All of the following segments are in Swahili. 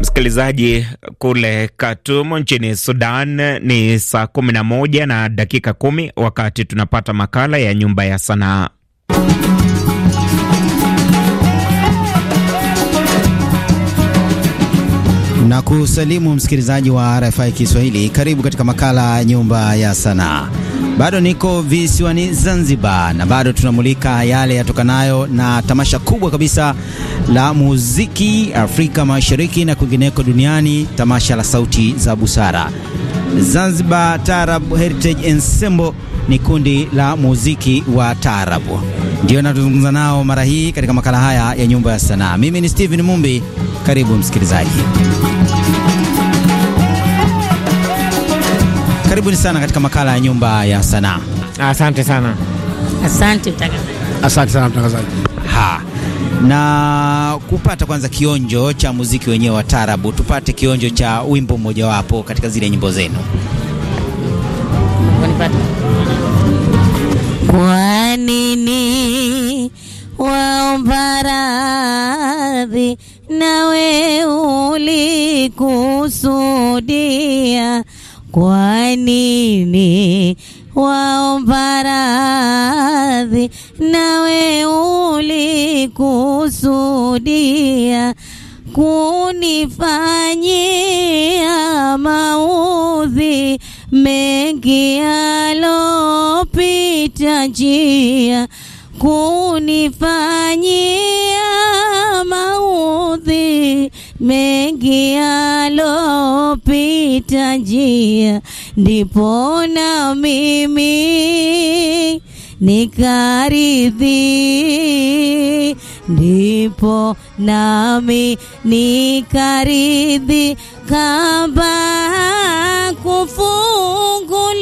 Msikilizaji, kule katumu nchini Sudan ni saa kumi na moja na dakika kumi wakati tunapata makala ya nyumba ya sanaa. Na kusalimu msikilizaji wa RFI Kiswahili, karibu katika makala ya nyumba ya sanaa. Bado niko visiwani Zanzibar na bado tunamulika yale yatokanayo na tamasha kubwa kabisa la muziki Afrika Mashariki na kwingineko duniani, tamasha la Sauti za Busara. Zanzibar Taarab Heritage Ensemble ni kundi la muziki wa taarabu, ndio natuzungumza nao mara hii katika makala haya ya Nyumba ya Sanaa. Mimi ni Steven Mumbi, karibu msikilizaji. Karibuni sana katika makala ya Nyumba ya Sanaa. Asante sana. Asante mtangazaji. Asante sana mtangazaji. Ha. Na kupata kwanza kionjo cha muziki wenyewe wa tarabu, tupate kionjo cha wimbo mmoja wapo katika zile nyimbo zenu. Kwa nini waomba radhi, nawe ulikusudia kwa nini waomba radhi, nawe ulikusudia kunifanyia maudhi mengi yalopita njia, kunifanyia maudhi mengi yalopita njia, ndipo na mimi nikaridhi, ndipo nami nikaridhi, kamba kufungu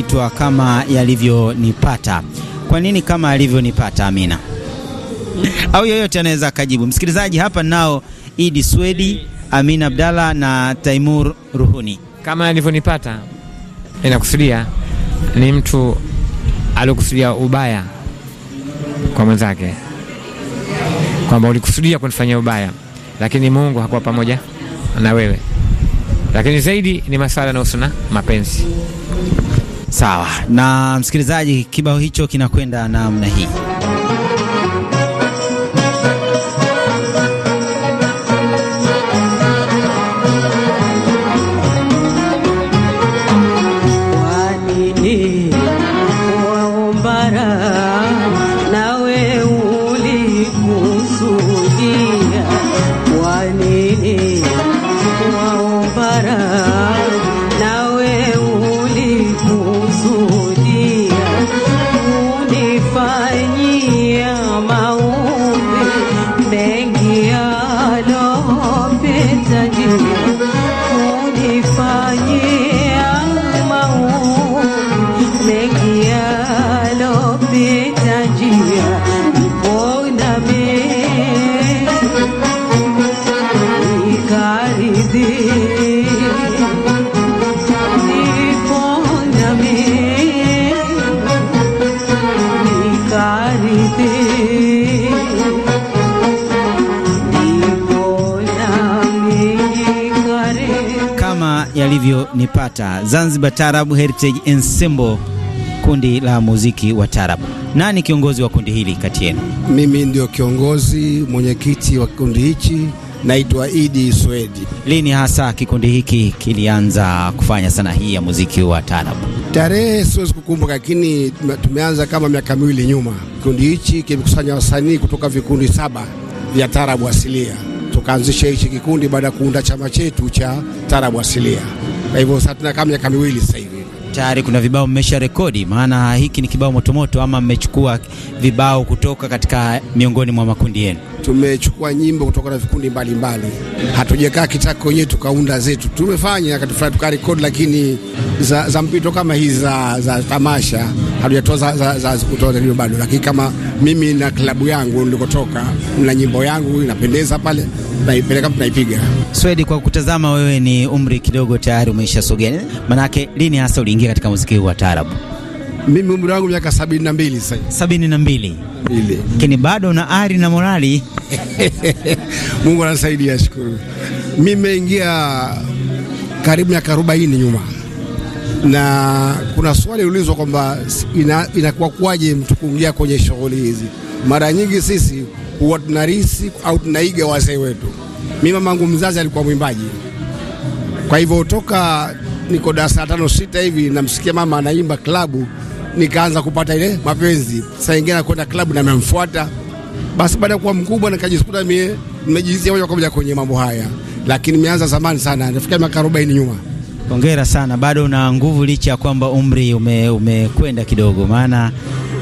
inaitwa Kama Yalivyonipata. Kwa nini kama alivyonipata? Amina au yoyote anaweza akajibu. Msikilizaji hapa nao, Idi Swedi, Amina Abdalla na Taimur Ruhuni. Kama alivyonipata, inakusudia ni mtu aliokusudia ubaya kwa mwenzake, kwamba ulikusudia kunifanyia ubaya, lakini Mungu hakuwa pamoja na wewe. Lakini zaidi ni masuala yanahusu na mapenzi. Sawa na msikilizaji, kibao hicho kinakwenda namna hii. Wanini waombara kama yalivyonipata Zanzibar tarabu Heritage Ensemble, kundi la muziki wa tarabu Nani kiongozi wa kundi hili kati yenu? Mimi ndio kiongozi mwenyekiti wa kundi hichi naitwa Idi Swedi. Lini hasa kikundi hiki kilianza kufanya sanaa hii ya muziki wa taarabu? Tarehe siwezi kukumbuka, lakini tumeanza kama miaka miwili nyuma. Kikundi hichi kimekusanya wasanii kutoka vikundi saba vya taarabu asilia, tukaanzisha hichi kikundi baada ya kuunda chama chetu cha taarabu asilia. Kwa hivyo sasa tuna kama miaka miwili sasa hivi tayari kuna vibao mmesha rekodi? Maana hiki ni kibao motomoto, ama mmechukua vibao kutoka katika miongoni mwa makundi yenu? Tumechukua nyimbo kutoka na vikundi mbalimbali, hatujakaa kitako wenyewe tukaunda zetu. Tumefanya tukarekodi, lakini za, za mpito kama hizi za, za tamasha hatujatoa za, za, za, za bado, lakini kama mimi na klabu yangu nilikotoka na nyimbo yangu inapendeza pale naipeleka tunaipiga. Swedi, kwa kutazama wewe ni umri kidogo tayari umeisha sogea manake lini hasa uliingia katika muziki huu wa taarabu? Mimi umri wangu miaka sabini na mbili sasa. Sabini na mbili, lakini bado na ari na morali Mungu anasaidia, shukuru. Mimi nimeingia karibu miaka arobaini nyuma, na kuna swali liulizwa kwamba inakuwa ina kwaje mtu kuingia kwenye shughuli hizi. Mara nyingi sisi huwa tunarisi au tunaiga wazee wetu. Mimi mamangu mzazi alikuwa mwimbaji, kwa hivyo toka niko darasa tano sita hivi namsikia mama anaimba klabu, nikaanza kupata ile mapenzi. Saa ingine nakwenda klabu na namemfuata. Basi baada ya kuwa mkubwa nikajikuta mie nimejihisia moja kwa moja kwenye mambo haya, lakini nimeanza zamani sana, nafikia miaka 40 nyuma. Hongera sana, bado una nguvu licha ya kwamba umri umekwenda ume kidogo, maana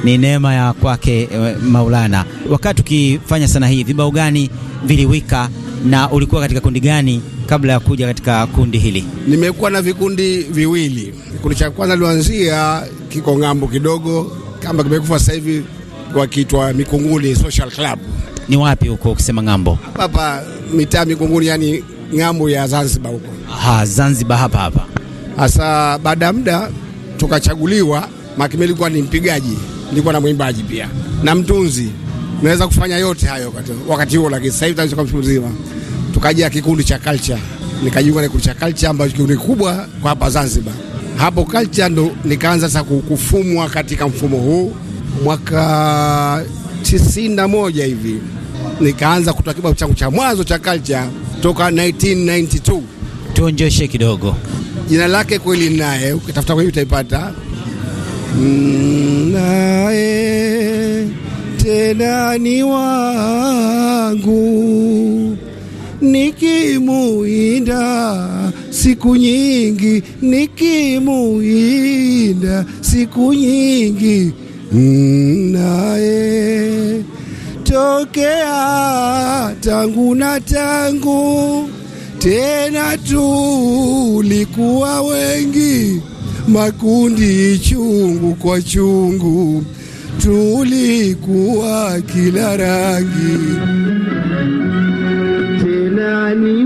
ni neema ya kwake eh, Maulana. Wakati ukifanya sana hii, vibao gani viliwika na ulikuwa katika kundi gani kabla ya kuja katika kundi hili? Nimekuwa na vikundi viwili. Kikundi cha kwanza lianzia kiko ng'ambo kidogo, kama kimekufa sasa hivi, wakiitwa Mikunguni Social Club. Ni wapi huko ukisema ng'ambo? Hapa mitaa Mikunguni, yani ng'ambo ya Zanzibar huko. Aha, Zanzibar hapa hapa. Sasa baada ya muda tukachaguliwa, makimeli kwa ni mpigaji nilikuwa na mwimbaji pia na mtunzi, naweza kufanya yote hayo wakati huo, lakini sasa hivi tunaweza mtu mzima. Tukaja kikundi cha culture, nikajiunga na kikundi cha culture ambacho kikundi kubwa kwa hapa Zanzibar. Hapo culture ndo nikaanza sasa kufumwa katika mfumo huu mwaka tisini na moja hivi nikaanza kutoa kibao changu cha mwanzo cha culture toka 1992. Tuonjeshe kidogo jina lake kweli, naye ukitafuta kwenye utaipata naye tena ni wangu, nikimuinda siku nyingi, nikimuinda siku nyingi, naye tokea tangu na tangu, tena tulikuwa wengi makundi chungu kwa chungu, tulikuwa kila rangi tena ni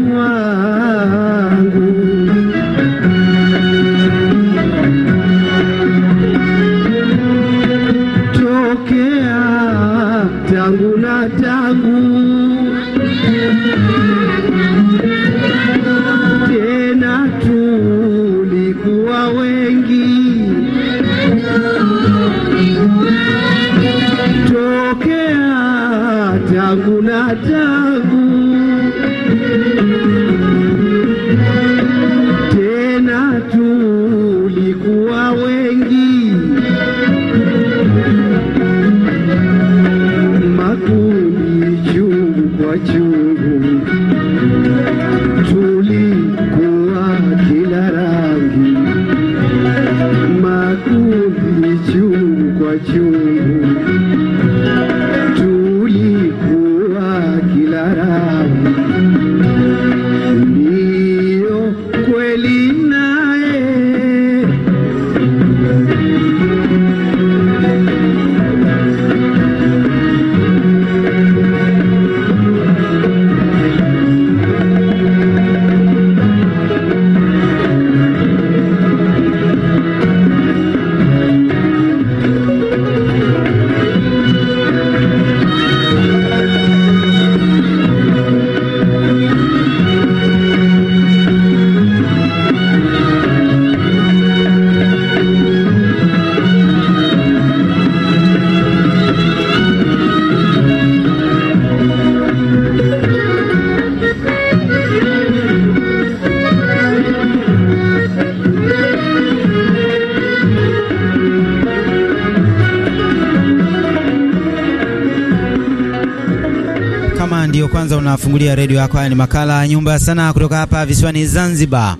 ndio kwanza unafungulia redio yako, haya ni makala ya Nyumba ya Sanaa kutoka hapa visiwani Zanzibar,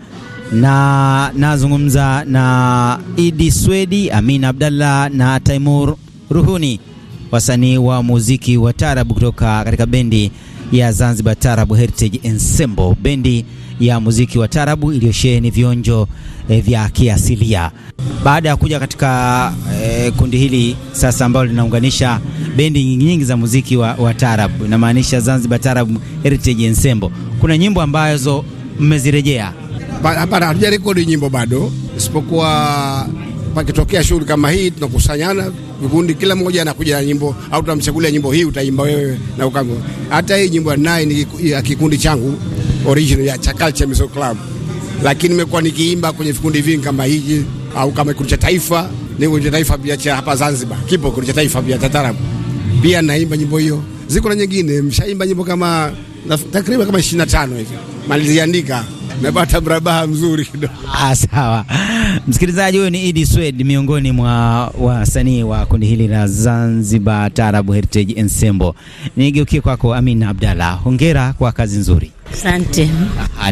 na nazungumza na Idi Swedi, Amin Abdallah na Taimur Ruhuni, wasanii wa muziki wa tarabu kutoka katika bendi ya Zanzibar Tarabu Heritage Ensemble, bendi ya muziki wa tarabu iliyosheheni vionjo eh, vya kiasilia. Baada ya kuja katika eh, eh, kundi hili sasa ambalo linaunganisha bendi nyingi za muziki wa, wa tarab, inamaanisha Zanzibar Tarab Heritage Ensemble. Kuna nyimbo ambazo mmezirejea? Hapana, hatujarekodi nyimbo bado, isipokuwa pakitokea shughuli kama hii tunakusanyana vikundi, kila mmoja anakuja na nyimbo au tunamchagulia nyimbo, hii utaimba wewe na ukango. Hata hii nyimbo naye ni ya kikundi changu original ya cha Music Club, lakini nimekuwa nikiimba kwenye vikundi vingi kama hiki au kama kikundi cha taifa niko cha taifa pia cha hapa Zanzibar, kipo kikundi cha taifa pia tatarabu, pia naimba nyimbo hiyo. Ziko na nyingine mshaimba nyimbo kama takriban kama 25 hivi, maliziandika mepata brabaha mzuri kidogo. Ah, sawa. Msikilizaji, huyo ni Idi Swed, miongoni mwa wasanii wa kundi hili la Zanzibar Taarab Heritage Ensemble. Nigeukie kwako Amina Abdalla, hongera kwa kazi nzuri. Asante.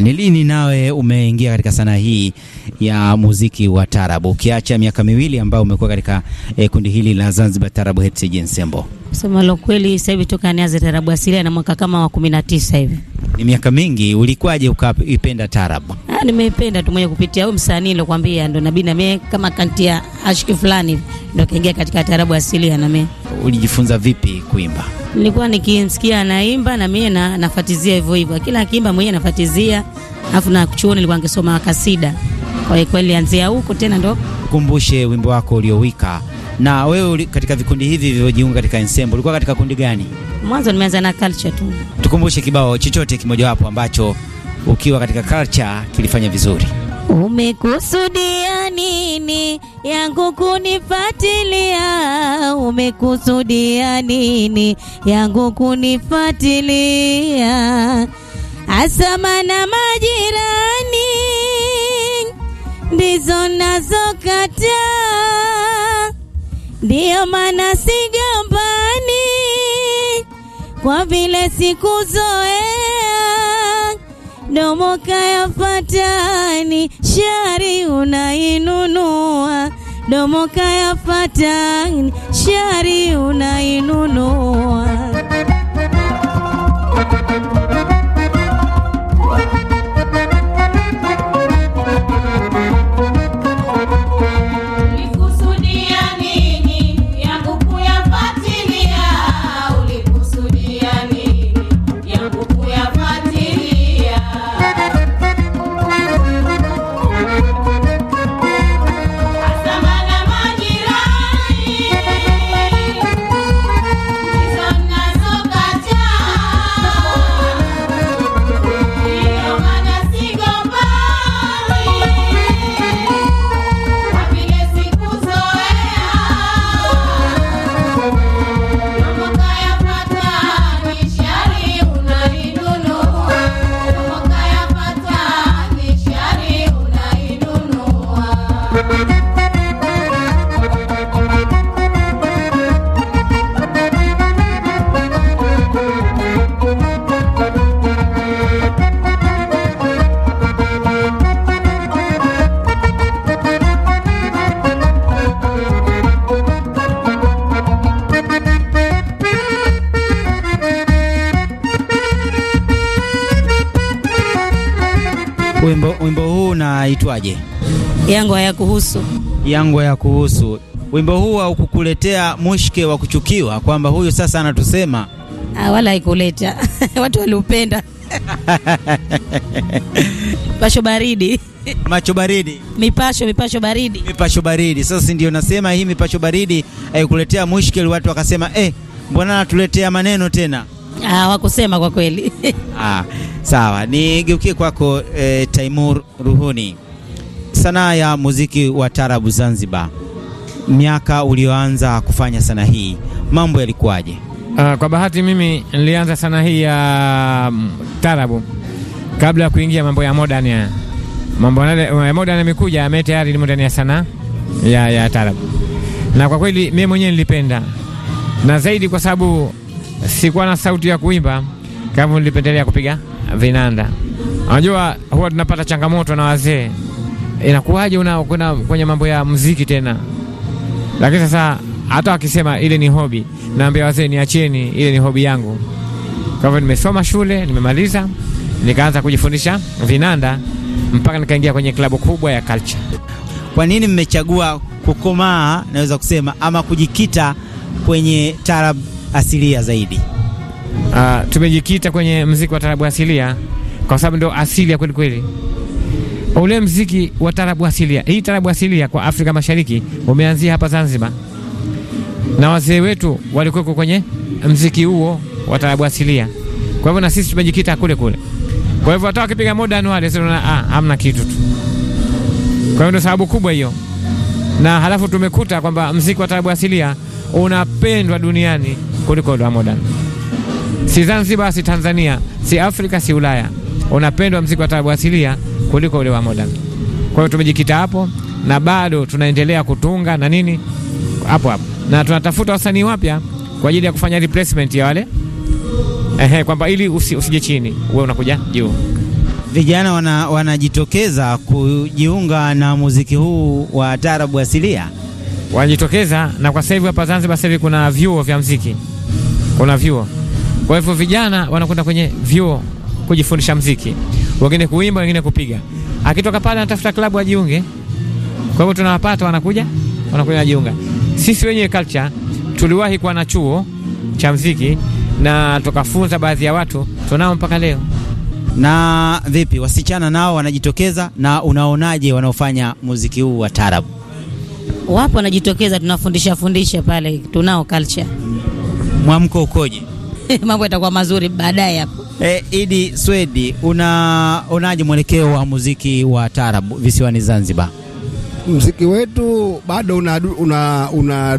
Ni lini nawe umeingia katika sanaa hii ya muziki wa tarabu, ukiacha miaka miwili ambayo umekuwa katika eh, kundi hili la Zanzibar Taarab Heritage Ensemble? Kusema lo kweli, sasa hivi toka nianze tarabu asilia na mwaka kama wa 19 hivi ni miaka mingi, ulikwaje ukaipenda tarab? Ah, nimeipenda tu mwenye kupitia huyo msanii nilokwambia, ndo nabii na mimi kama kanti ya ashiki fulani ndo kaingia katika tarabu asilia. Na mimi ulijifunza vipi kuimba? Nilikuwa nikimsikia anaimba na mimi na nafuatizia hivyo hivyo, kila akiimba mwenyewe nafuatizia, afu na chuoni nilikuwa nikisoma kasida. Kwa hiyo kweli anzia huko tena ndo. Kumbushe wimbo wako uliowika na wewe katika vikundi hivi vilivyojiunga katika ensemble ulikuwa katika kundi gani? Mwanzo nimeanza na culture tu. Tukumbushe kibao chochote kimojawapo ambacho ukiwa katika culture kilifanya vizuri. Umekusudia nini yangu kunifatilia? Umekusudia nini yangu kunifatilia? Asama na majirani ndizo nazokataa Ndiyo maana sigambani, kwa vile sikuzoea, domo kayafatani, shari unainunua, domo kayafatani, shari unainunua unaitwaje? Yangu hayakuhusu. Yangu hayakuhusu. Wimbo huu haukukuletea mushke wa kuchukiwa kwamba huyu sasa anatusema? Ah, wala haikuleta watu waliupenda. Pasho baridi macho baridi, mipasho mipasho baridi, mipasho baridi. Sasa ndio nasema hii mipasho baridi haikuletea mushkeli, watu wakasema eh, mbona natuletea maneno tena? Ah, wakusema kwa kweli. Ah, sawa, nigeukie kwako eh, Taimur Ruhuni sanaa ya muziki wa tarabu Zanzibar, miaka ulioanza kufanya sanaa hii, mambo yalikuwaje? Uh, kwa bahati mimi nilianza sanaa hii ya mm, tarabu kabla ya kuingia mambo ya modern ya mambo ya eh, modern yamekuja, mimi tayari nimo ndani ya sanaa ya, ya tarabu, na kwa kweli mimi mwenyewe nilipenda na zaidi, kwa sababu sikuwa na sauti ya kuimba kama nilipendelea kupiga vinanda. Unajua, huwa tunapata changamoto na wazee inakuwaje unakwenda kwenye mambo ya muziki tena? Lakini sasa hata wakisema ile ni hobi, naambia wazee, niacheni, ile ni hobi yangu. Kwa hivyo nimesoma shule, nimemaliza, nikaanza kujifundisha vinanda mpaka nikaingia kwenye klabu kubwa ya Culture. Kwa nini mmechagua kukomaa, naweza kusema ama kujikita kwenye tarab asilia zaidi? Uh, tumejikita kwenye mziki wa tarabu asilia kwa sababu ndio asili ya kweli kweli ule mziki wa tarabu asilia. Hii tarabu asilia kwa Afrika Mashariki umeanzia hapa Zanzibar, na wazee wetu walikuweko kwenye mziki huo wa tarabu asilia. Kwa hivyo na sisi tumejikita kule kule. Kwa hivyo hata wakipiga modern wale sasa, ah, hamna kitu tu. Kwa hiyo ndio sababu kubwa hiyo, na halafu tumekuta kwamba mziki wa tarabu asilia unapendwa duniani kuliko ule wa modern. Si Zanzibar, si Tanzania, si Afrika, si Ulaya, unapendwa mziki wa tarabu asilia kuliko ule wa modern. Kwa hiyo tumejikita hapo na bado tunaendelea kutunga na nini hapo hapo, na tunatafuta wasanii wapya kwa ajili ya kufanya replacement ya wale ehe, kwamba ili usi, usije chini wewe unakuja juu. Vijana wanajitokeza wana kujiunga na muziki huu wa tarabu asilia, wanajitokeza na kwa sasa hivi hapa Zanzibar, sasa hivi kuna vyuo vya mziki, kuna vyuo. Kwa hivyo vijana wanakwenda kwenye vyuo kujifundisha mziki wengine kuimba, wengine kupiga. Akitoka pale anatafuta klabu ajiunge. Kwa hivyo tunawapata, wanakuja wanakuja najiunga. Sisi wenyewe culture tuliwahi kuwa na chuo cha mziki na tukafunza baadhi ya watu, tunao mpaka leo. Na vipi, wasichana nao wanajitokeza? Na unaonaje wanaofanya muziki huu wa tarabu Wapo wanajitokeza, tunafundisha fundisha pale, tunao culture. Mwamko ukoje? Mambo yatakuwa mazuri baadaye hapo. Eh, Idi Swedi, unaonaje mwelekeo wa muziki wa tarabu visiwani Zanzibar? Muziki wetu bado unadumu una, una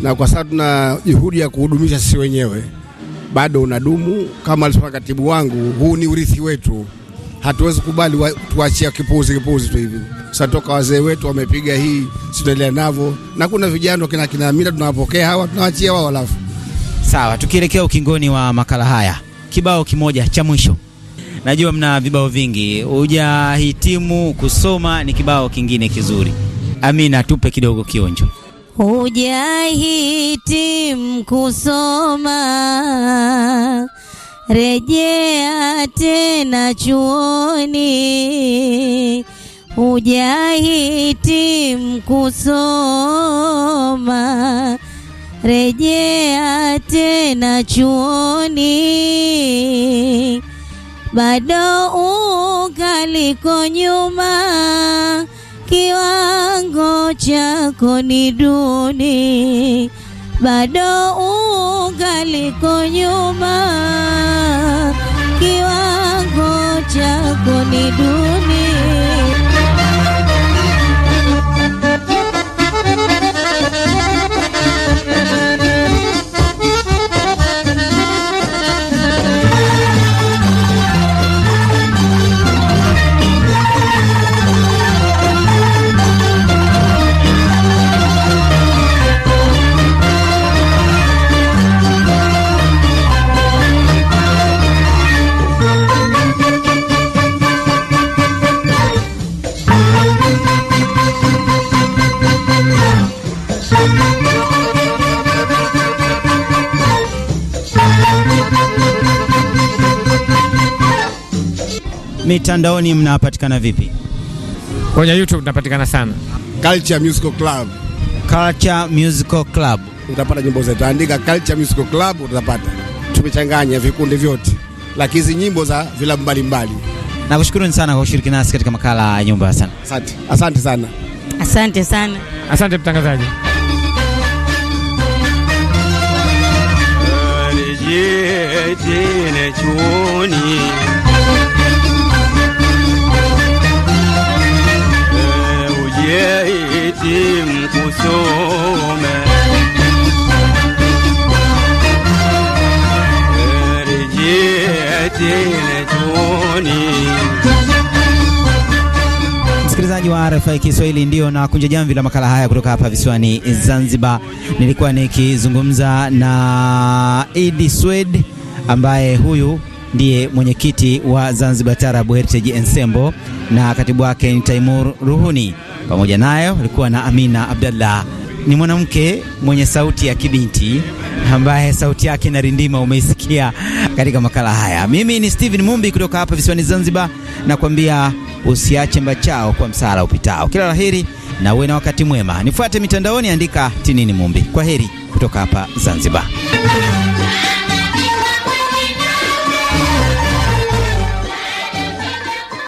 na kwa sababu tuna juhudi ya kuhudumisha sisi wenyewe, bado unadumu kama alisema katibu wangu, huu ni urithi wetu, hatuwezi kubali tuachia kipuzi kipuzi tu hivi. Satoka wazee wetu wamepiga hii, sitaendelea navyo, na kuna vijana kina kinamira tunawapokea hawa, tunawachia wao. Alafu sawa, tukielekea ukingoni wa makala haya kibao kimoja cha mwisho. Najua mna vibao vingi, hujahitimu kusoma, ni kibao kingine kizuri. Amina, tupe kidogo kionjo. Hujahitimu kusoma, rejea tena chuoni. Hujahitimu kusoma rejea tena chuoni, bado ukaliko nyuma, kiwango chako ni duni, bado ukaliko nyuma, kiwango chako ni duni. Mitandaoni mnapatikana vipi? Kwenye YouTube tunapatikana sana Culture Musical Club. Culture Musical Club utapata nyimbo zetu, andika Culture Musical Club utapata. Tumechanganya vikundi vyote, lakini hizi nyimbo za vilabu mbalimbali. Nakushukuruni sana kwa kushiriki nasi katika makala ya nyumba. Asante, asante, asante sana, asante sana, asante mtangazaji. Msikilizaji wa RFI Kiswahili ndio na kunja jamvi la makala haya kutoka hapa visiwani Zanzibar. Nilikuwa nikizungumza na Idi Swed ambaye huyu ndiye mwenyekiti wa Zanzibar tarabu Heritage Ensemble na katibu wake ni Taimur Ruhuni. Pamoja nayo alikuwa na Amina Abdallah, ni mwanamke mwenye sauti ya kibinti ambaye sauti yake na rindima umeisikia katika makala haya. Mimi ni Steven Mumbi kutoka hapa visiwani Zanzibar, nakwambia usiache mbachao kwa msala upitao. Kila la heri na uwe na wakati mwema. Nifuate mitandaoni, andika Tinini Mumbi. Kwa heri kutoka hapa Zanzibar.